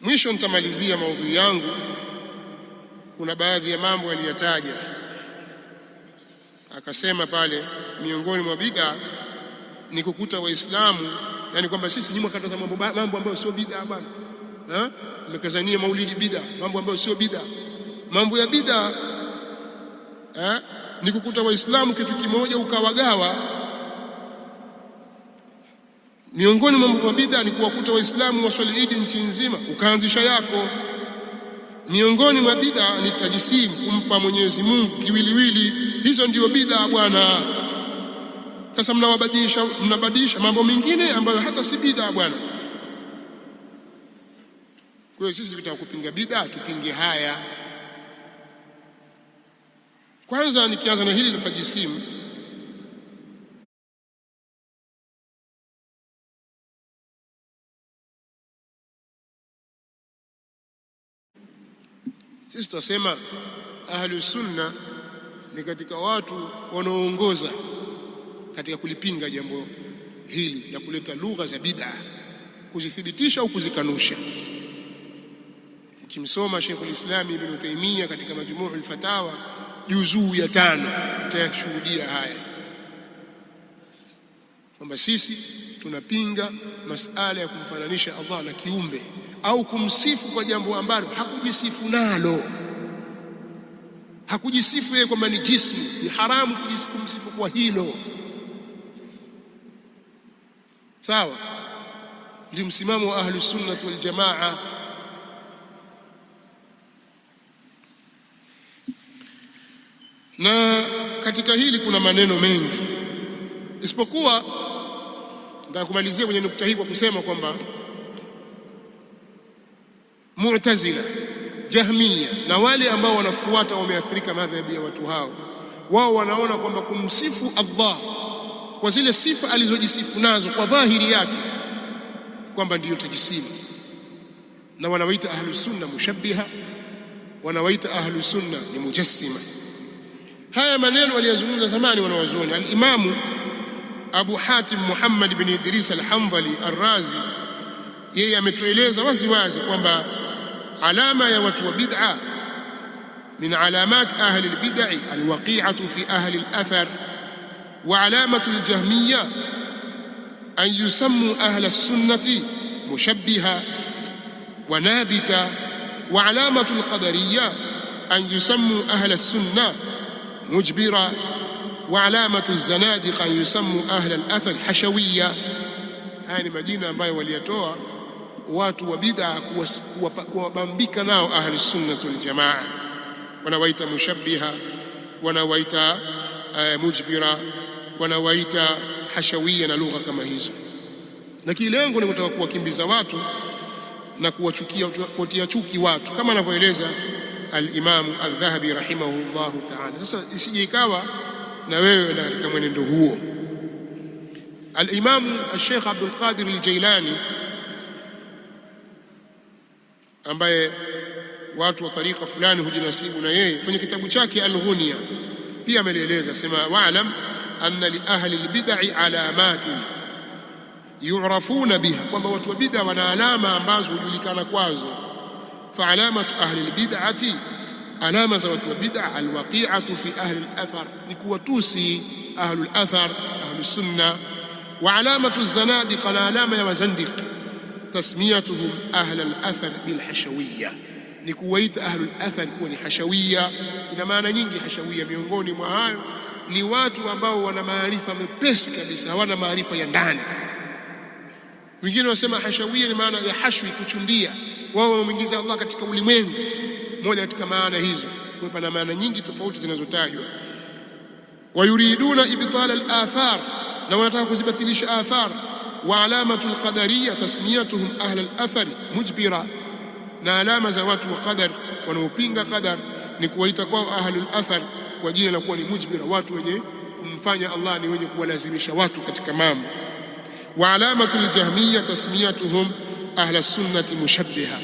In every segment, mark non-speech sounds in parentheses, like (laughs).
Mwisho nitamalizia maudhui yangu, kuna baadhi ya mambo aliyataja, akasema pale miongoni mwa bid'a ni kukuta Waislamu yani kwamba sisi nyuma kata mambo mambo ambayo sio bid'a bwana, eh, mekazania maulidi bid'a, mambo ambayo sio bid'a, mambo ya bid'a eh, ni kukuta Waislamu kitu kimoja ukawagawa Miongoni mwa mambo ya bid'a ni kuwakuta Waislamu waswali Idi nchi nzima, ukaanzisha yako. Miongoni mwa bid'a ni tajisimu, kumpa Mwenyezi Mungu kiwiliwili. Hizo ndio bid'a bwana. Sasa mnawabadilisha, mnabadilisha mambo mengine ambayo hata si bid'a bwana. Kwa hiyo sisi tutaka kupinga bid'a, tupinge haya. Kwanza nikianza na hili la tajisimu Sisi tutasema ahlu sunna ni katika watu wanaoongoza katika kulipinga jambo hili la kuleta lugha za bid'a, kuzithibitisha au kuzikanusha. Ukimsoma Sheikh al-Islam Ibn Taymiyyah katika Majmuu al-Fatawa juzuu ya tano utayashuhudia haya kwamba sisi tunapinga masala ya kumfananisha Allah na kiumbe au kumsifu kwa jambo ambalo hakujisifu nalo, hakujisifu yeye kwamba ni jismu. Ni haramu kumsifu kwa hilo. Sawa, ndio msimamo wa wal Waljamaa. Na katika hili kuna maneno mengi, isipokuwa nitakumalizia kwenye nukta hii kwa kusema kwamba Mu'tazila, Jahmiya na wale ambao wanafuata wameathirika madhhabi ya watu hao, wao wanaona kwamba kumsifu Allah kwa zile sifa alizojisifu nazo kwa dhahiri yake kwamba ndiyo tajisima, na wanawaita ahlusunna mushabbiha, wanawaita ahlusunna ni mujassima. Haya maneno waliyazungumza zamani wanawazuoni alimamu Abu Hatim Muhammad bin Idris al arrazi al-Razi yeye ametueleza wazi wazi kwamba alama ya watu wa bid'a min alamat ahli albid'i alwaqi'atu fi ahli alathar wa alamatu aljahmiyya an yusammu ahli as-sunnati mushabbiha wa nabita wa alamatu alqadariyya an yusammu ahli as-sunna mujbira wa alamatu az-zanadiqa an yusammu ahli al-athar hashawiyya haya ni majina ambayo waliyatoa watu wa bid'a kuwabambika nao ahli sunnati wal jamaa, wanawaita mushabbiha, wanawaita uh, mujbira, wanawaita hashawia na lugha kama hizo, lakini lengo ni kutaka kuwakimbiza watu na kuwachukia kuwatia chuki watu, kama anavyoeleza al aldhahabi al-Dhahabi rahimahullahu ta'ala. Sasa isije ikawa na wewe na katika mwenendo huo. Al-Imamu al-Sheikh Abdul Qadir al ambaye watu wa tarika fulani hujinasibu na yeye. Kwenye kitabu chake Alghunia pia amelieleza sema, waalam anna li ahli albid'i alamatin yurafuna biha, kwamba watu wa bid'a wana alama ambazo hujulikana kwazo. Fa alamatu ahli albid'ati, alama za watu wa bidaa alwaqi'atu fi ahli lathar ni kuwatusi ahli alathar, ahli Wa alamatu zanadiqa, na alama ya wazandiki tasmiyatuhum ahla al-athar bil hashawiyya, ni kuwaita ahlu al-athar kuwa ni hashawiyya. Ina maana nyingi hashawiyya, miongoni mwa hayo ni watu ambao wana maarifa mepesi kabisa, hawana maarifa ya ndani. Wengine wasema hashawiyya ni maana ya hashwi, kuchundia. Wao wameingiza Allah katika ulimwengu, moja katika maana hizo. Kwa na maana nyingi tofauti zinazotajwa. Wayuriduna ibtala al-athar, na wanataka kuzibatilisha athar wa alamatu alqadariya tasmiyatuhum ahla alathari mujbira, na alama za watu wa qadar wanaopinga qadar ni kuwaita kwao ahlul athar kwa jina la kuwa ni mujbira, watu wenye kumfanya Allah ni wenye kuwalazimisha watu katika mambo. Wa alamatu aljahmiya tasmiyatuhum ahla sunnati mushabbiha,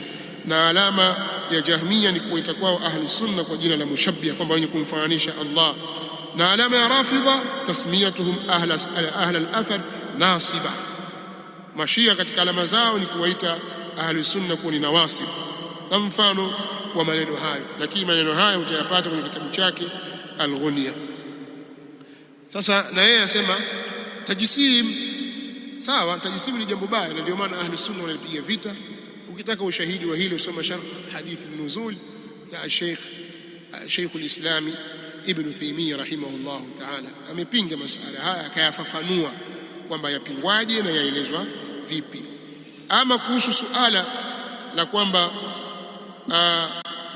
na alama ya jahmiya ni kuwaita kwao ahlu sunna kwa jina la mushabbiha, kwamba wenye kumfananisha Allah. Na alama ya rafidha tasmiyatuhum ahla alathar nasiba Mashia katika alama zao ni kuwaita ahlusunna kuwa ni nawasib na mfano wa maneno hayo, lakini maneno hayo utayapata kwenye kitabu chake Alghunia. Sasa na yeye anasema tajisim, sawa. tajisim ni jambo baya, na ndio maana ahlusunna wanapiga vita. Ukitaka ushahidi wa hilo, soma sharh hadithi nuzul ya Sheikh Sheikhul Islami Ibn Taymiyyah rahimahullahu taala, amepinga masala haya akayafafanua kwamba yapingwaje na yaelezwa vipi? Ama kuhusu suala la kwamba ah,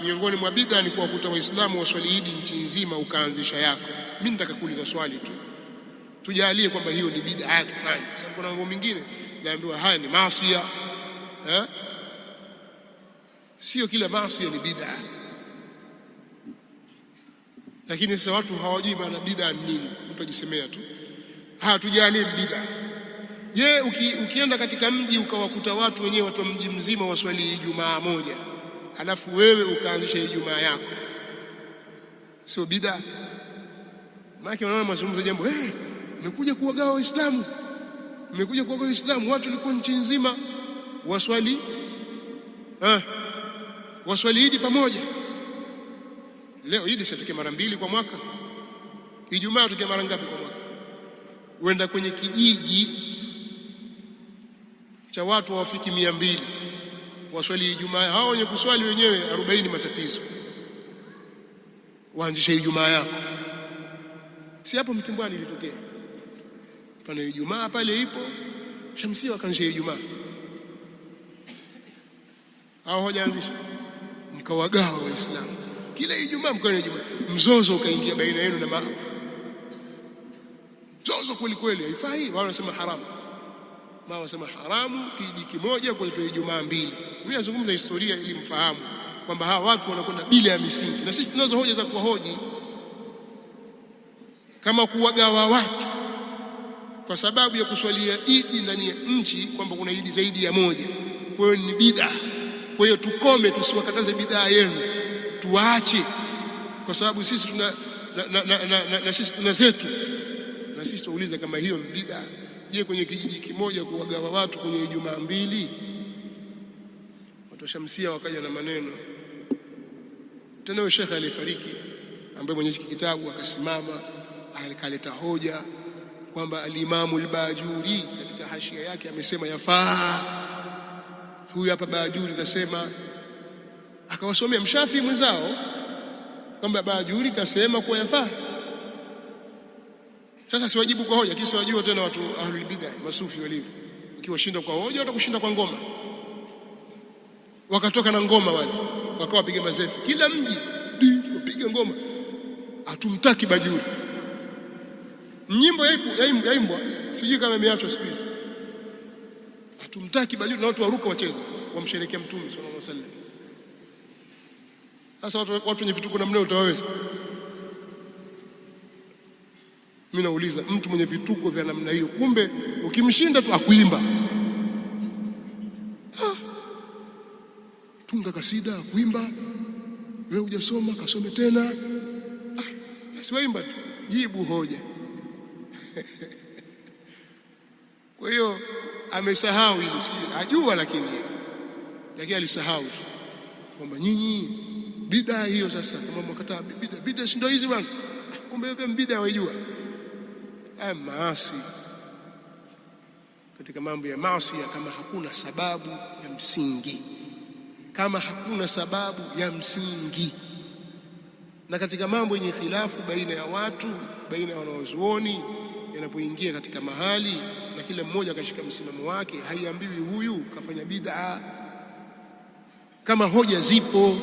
miongoni mwa bidha ni kuwakuta Waislamu waswali Idi nchi nzima ukaanzisha yako. Mimi nitaka kuuliza swali tu, tujalie kwamba hiyo ni bidha haya tufanye, sababu kuna mambo mingine naambiwa haya ni maasia ha? Eh? Sio kila maasia ni bidha lakini sasa watu hawajui maana bidha ni nini, mtu ajisemea tu, tujalie bid'a Je, uki, ukienda katika mji ukawakuta watu wenyewe watu wa mji mzima waswali Ijumaa moja, alafu wewe ukaanzisha Ijumaa yako, sio bid'a? Maana wanaona mazungumzo jambo eh, hey, mekuja kuwagawa Waislamu, mmekuja kuwagawa Waislamu. Watu walikuwa nchi nzima waswali eh, waswali Idi pamoja. Leo Idi siatokea mara mbili kwa mwaka, Ijumaa tokea mara ngapi kwa mwaka? Uenda kwenye kijiji cha watu hawafiki mia mbili waswali Ijumaa. Hao wenye kuswali wenyewe arobaini matatizo, waanzishe Ijumaa yako. Si hapo Mtimbwani ilitokea, pana Ijumaa pale ipo Shamsia, wakaanzisha Ijumaa hao, hojaanzisha mkawagawa Waislamu kila Ijumaa mkawa na Ijumaa, mzozo ukaingia baina yenu na mao, mzozo kweli kweli, haifai. Wao wanasema haramu maana wasema haramu kijiji kimoja kulipa Ijumaa mbili. Mimi nazungumza historia ili mfahamu kwamba hawa watu wanakwenda bila ya misingi, na sisi tunazo hoja za kuwahoji kama kuwagawa watu kwa sababu ya kuswalia idi ndani ya nchi, kwamba kuna idi zaidi ya moja. Kwa hiyo ni bid'a. Kwa hiyo tukome, tusiwakataze bidhaa yenu, tuwaache, kwa sababu sisi tuna na, na, na, na, na, na sisi tuna zetu, na sisi tunauliza kama hiyo ni bidhaa Je, kwenye kijiji kimoja kuwagawa watu kwenye Ijumaa mbili? Watu Shamsia wakaja na maneno tena. Shekhe aliyefariki ambaye mwenye kitabu akasimama akaleta hoja kwamba alimamu al-Bajuri katika hashia yake amesema yafaa. Huyu hapa Bajuri kasema, akawasomea mshafi mwenzao kwamba Bajuri kasema kuwa yafaa sasa siwajibu kwa hoja, lakini wajua tena watu ahlul bid'ah masufi walivyo, ukiwashinda kwa hoja watakushinda kwa ngoma. Wakatoka na ngoma wale, wakawa wapiga mazefu kila mji, wapiga ngoma, hatumtaki Bajuri. Nyimbo yaimbwa sijui kama imeachwa siku hizi, hatumtaki Bajuri, na watu waruka wacheza, wamsherekea Mtume sallallahu alaihi wasallam. Sasa watu wenye vituko namna utawaweza mimi nauliza mtu mwenye vituko vya namna hiyo, kumbe ukimshinda tu akuimba ah. Tunga kasida akuimba, wewe hujasoma, kasome tena ah. Asiwaimba tu, jibu hoja (laughs) kwa hiyo amesahau hili, ajua lakini lakini alisahau kwamba nyinyi bidaa hiyo. Sasa kama mkataa bidaa, bidaa si ndio hizi bwana, ah, kumbe pia bidaa waijua haya eh, maasi, katika mambo ya maasi, kama hakuna sababu ya msingi, kama hakuna sababu ya msingi. Na katika mambo yenye khilafu baina ya watu, baina ya wanaozuoni, yanapoingia katika mahali na kila mmoja akashika msimamo wake, haiambiwi huyu kafanya bid'a, kama hoja zipo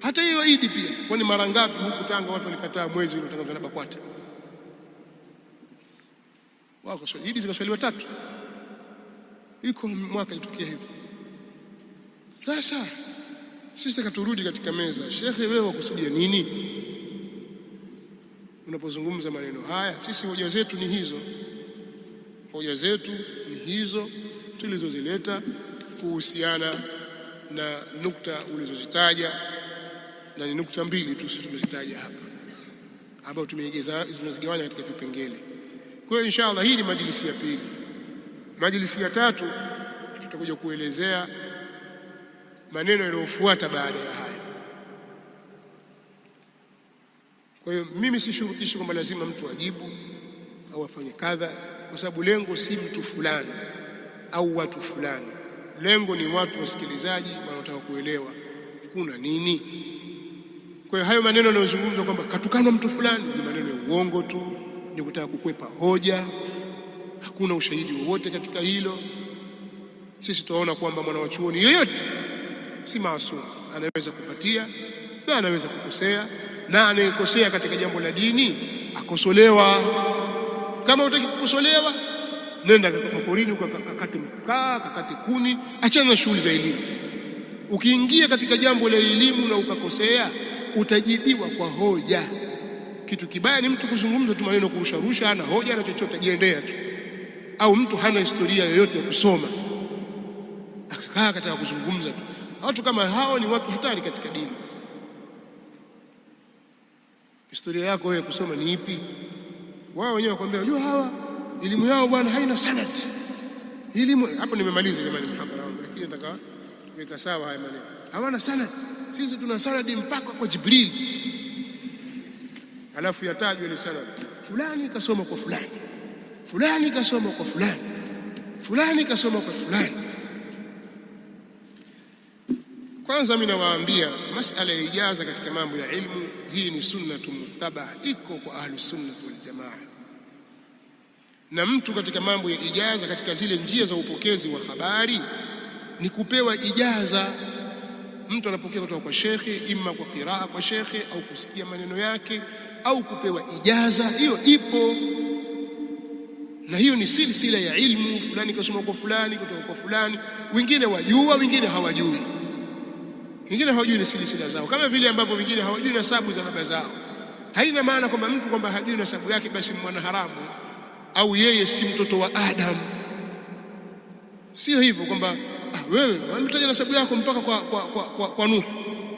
hata hiyo Idi pia, kwani mara ngapi huku Tanga watu walikataa mwezi uliotangazwa na BAKWATA? wako hidi zikaswaliwa tatu, iko mwaka ilitokea hivyo. Sasa sisi katurudi katika meza, shekhe, wewe wakusudia nini unapozungumza maneno haya? Sisi hoja zetu ni hizo, hoja zetu ni hizo tulizozileta kuhusiana na nukta ulizozitaja, na ni nukta mbili tu sisi tumezitaja hapa, ambayo tumeigeza tunazigawanya katika vipengele. Kwa hiyo insha allah, hii ni majlisi ya pili. Majlisi ya tatu tutakuja kuelezea maneno yanayofuata baada ya haya. Kwa hiyo mimi sishurutishi kwamba lazima mtu ajibu au afanye kadha, kwa sababu lengo si mtu fulani au watu fulani. Lengo ni watu wasikilizaji wanaotaka kuelewa kuna nini. Kwa hiyo hayo maneno yanayozungumzwa kwamba katukana mtu fulani ni maneno ya uongo tu ni kutaka kukwepa hoja. Hakuna ushahidi wowote katika hilo. Sisi tunaona kwamba mwanachuoni yoyote si maasumu, anaweza kupatia na anaweza kukosea, na anayekosea katika jambo la dini akosolewa. Kama utaki kukosolewa, nenda maporini kakate mkaa, kakate kuni, achana na shughuli za elimu. Ukiingia katika jambo la elimu na ukakosea, utajibiwa kwa hoja. Kitu kibaya ni mtu kuzungumza tu maneno kurusharusha, na hoja na chochote, ajiendea tu, au mtu hana historia yoyote ya kusoma akakaa katika kuzungumza tu. Watu kama hao ni watu hatari katika dini. Historia yako wewe kusoma ni ipi? Wao wenyewe wakwambia, unajua hawa elimu yao bwana haina sanati elimu. Hapo nimemaliza jamani, mhadhara wangu, lakini nataka kuweka sawa haya maneno. Hawana sanad, sisi tuna sanadi mpaka kwa Jibrili alafu yatajwe ni sanad, fulani kasoma kwa fulani, fulani kasoma kwa fulani, fulani kasoma kwa fulani. Kwanza mimi nawaambia masala ya ijaza katika mambo ya ilmu, hii ni sunnatu muttabaa, iko kwa wal waljamaa. Na mtu katika mambo ya ijaza, katika zile njia za upokezi wa habari ni kupewa ijaza. Mtu anapokea kutoka kwa shekhe, ima kwa qiraa kwa shekhe au kusikia maneno yake au kupewa ijaza, hiyo ipo na hiyo ni silsila ya ilmu. Fulani kasoma kwa fulani kutoka kwa fulani, wengine wajua, wengine hawajui, wengine hawajui ni silsila zao, kama vile ambavyo wengine hawajui nasabu za baba zao. Haina maana kwamba mtu kwamba hajui nasabu yake basi mwana haramu au yeye si mtoto wa Adamu. Sio hivyo kwamba ah, wewe wamtaja nasabu yako mpaka kwa, kwa, kwa, kwa, kwa Nuhu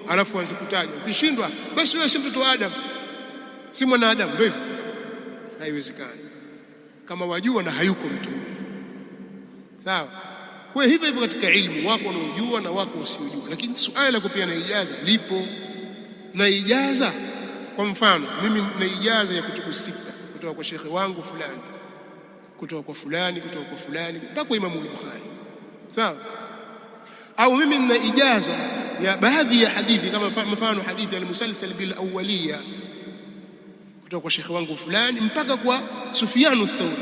alafu anze kutaja, ukishindwa basi wewe si mtoto wa Adamu si mwanadamu, ndio hivyo. Haiwezekani kama wajua na hayuko mtu huyo, sawa. Kwa hivyo hivyo katika ilmu, wako wanaojua na wako wasiojua, lakini suala la kupeana ijaza lipo na ijaza. Kwa mfano mimi na ijaza ya kutukusika kutoka kwa shekhe wangu fulani, kutoka kwa fulani, kutoka kwa fulani mpaka kwa Imamu Bukhari, sawa. Au mimi nina ijaza ya baadhi ya hadithi, kama mfano hadithi almusalsal bil awwaliya kutoka kwa shekhe wangu fulani mpaka kwa Sufyanu Thauri,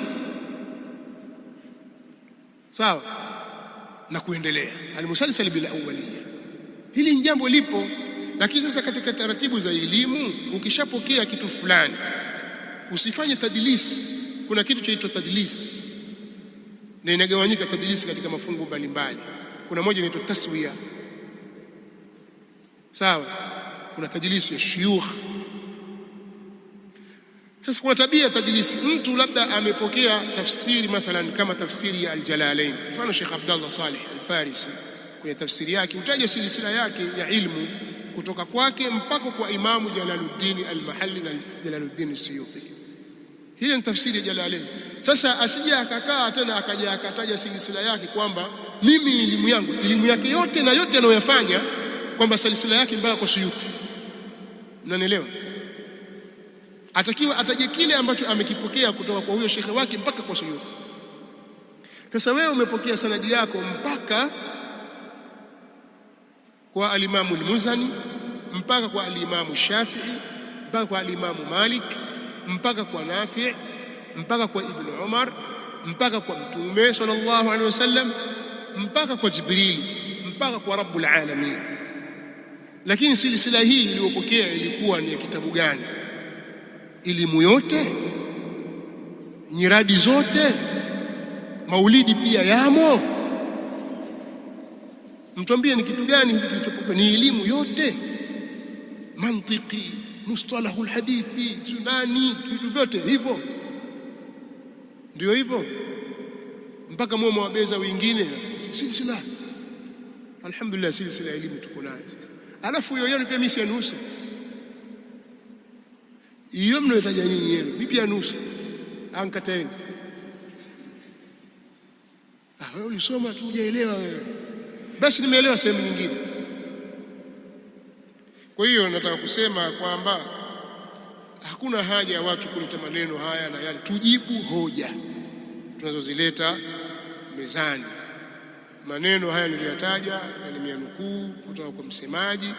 sawa na kuendelea, almusalsal bil awwaliya. Hili ni jambo lipo, lakini sasa katika taratibu za elimu, ukishapokea kitu fulani usifanye tadlis. Kuna kitu chaitwa tadlis na inagawanyika tadlis katika mafungu mbalimbali. Kuna moja inaitwa taswiya, sawa. Kuna tadlis ya shuyukh sasa kuna tabia tajlisi, mtu labda amepokea tafsiri mathalan kama tafsiri ya Aljalalain, mfano Sheikh Abdallah Saleh Alfarisi kwenye tafsiri yake utaja silsila yake ya ilmu kutoka kwake mpaka kwa Imamu Jalaluddin Almahalli na Jalaluddin Suyuti. Hili ni tafsiri ya Jalalain. Sasa asije akakaa tena akaja akataja silsila yake kwamba mimi elimu yangu elimu yake yote na yote anayoyafanya kwamba silsila yake mpaka kwa Suyuti, mnanielewa? atakiwa ataje kile ambacho amekipokea kutoka kwa huyo shekhe wake mpaka kwa Shuyuti. Sasa wewe umepokea sanadi yako mpaka kwa alimamu Almuzani, mpaka kwa alimamu Shafii, mpaka kwa alimamu Malik, mpaka kwa Nafi, mpaka kwa Ibn Umar, mpaka kwa Mtume sallallahu alaihi wasallam, mpaka kwa Jibrili, mpaka kwa Rabbul Alamin. Lakini silsila hii iliyopokea ilikuwa ni ya kitabu gani? elimu yote, nyiradi zote, maulidi pia yamo. Mtuambie ni kitu gani hiki kilichopokewa? Ni elimu yote, mantiki, mustalahu lhadithi, sunani, vitu vyote hivyo. Ndio hivyo mpaka mwe mwabeza wengine silsila. Alhamdulillah, silsila elimu tuko nayo, alafu yoyote pia mimi sianusi hiyo mnayotaja nyinyi yenu, bibi ya nusu ankataeni. Ah, wewe ulisoma tu hujaelewa wewe. Basi nimeelewa sehemu nyingine. Kwa hiyo nataka kusema kwamba hakuna haja ya watu kuleta maneno haya na yale, tujibu hoja tunazozileta mezani. Maneno haya niliyotaja na nimeyanukuu kutoka kwa msemaji,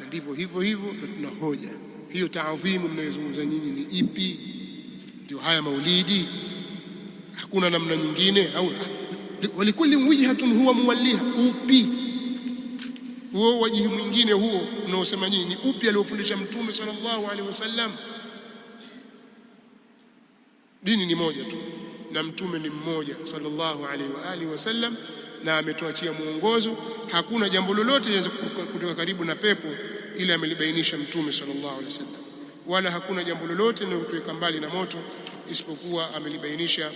na ndivyo hivyo hivyo, na tuna hoja hiyo taadhimu mnayozungumza nyinyi ni ipi? Ndio haya maulidi, hakuna namna nyingine? Au walikuli wijhatun huwa muwalliha, upi huo wajihi mwingine huo unaosema nyinyi ni upi aliofundisha Mtume sallallahu alaihi wasallam? Dini ni moja tu na Mtume ni mmoja sallallahu alaihi wa alihi wasallam, na ametuachia mwongozo. Hakuna jambo lolote linaweza kutoka karibu na pepo ile amelibainisha Mtume sallallahu alaihi wasallam, wala hakuna jambo lolote linalotuweka mbali na moto isipokuwa amelibainisha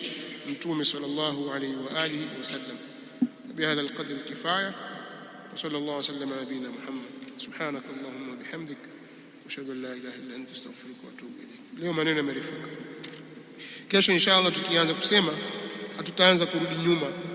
Mtume sallallahu alaihi wa alihi wasallam. Bihadha alqadri kifaya, wa sallallahu wasallam ala nabina Muhammad. Subhanaka allahumma wa bihamdik ashhadu an la ilaha illa anta astaghfiruka wa atubu ilayk. Leo maneno yamerefuka, kesho insha tukianza kusema hatutaanza kurudi nyuma.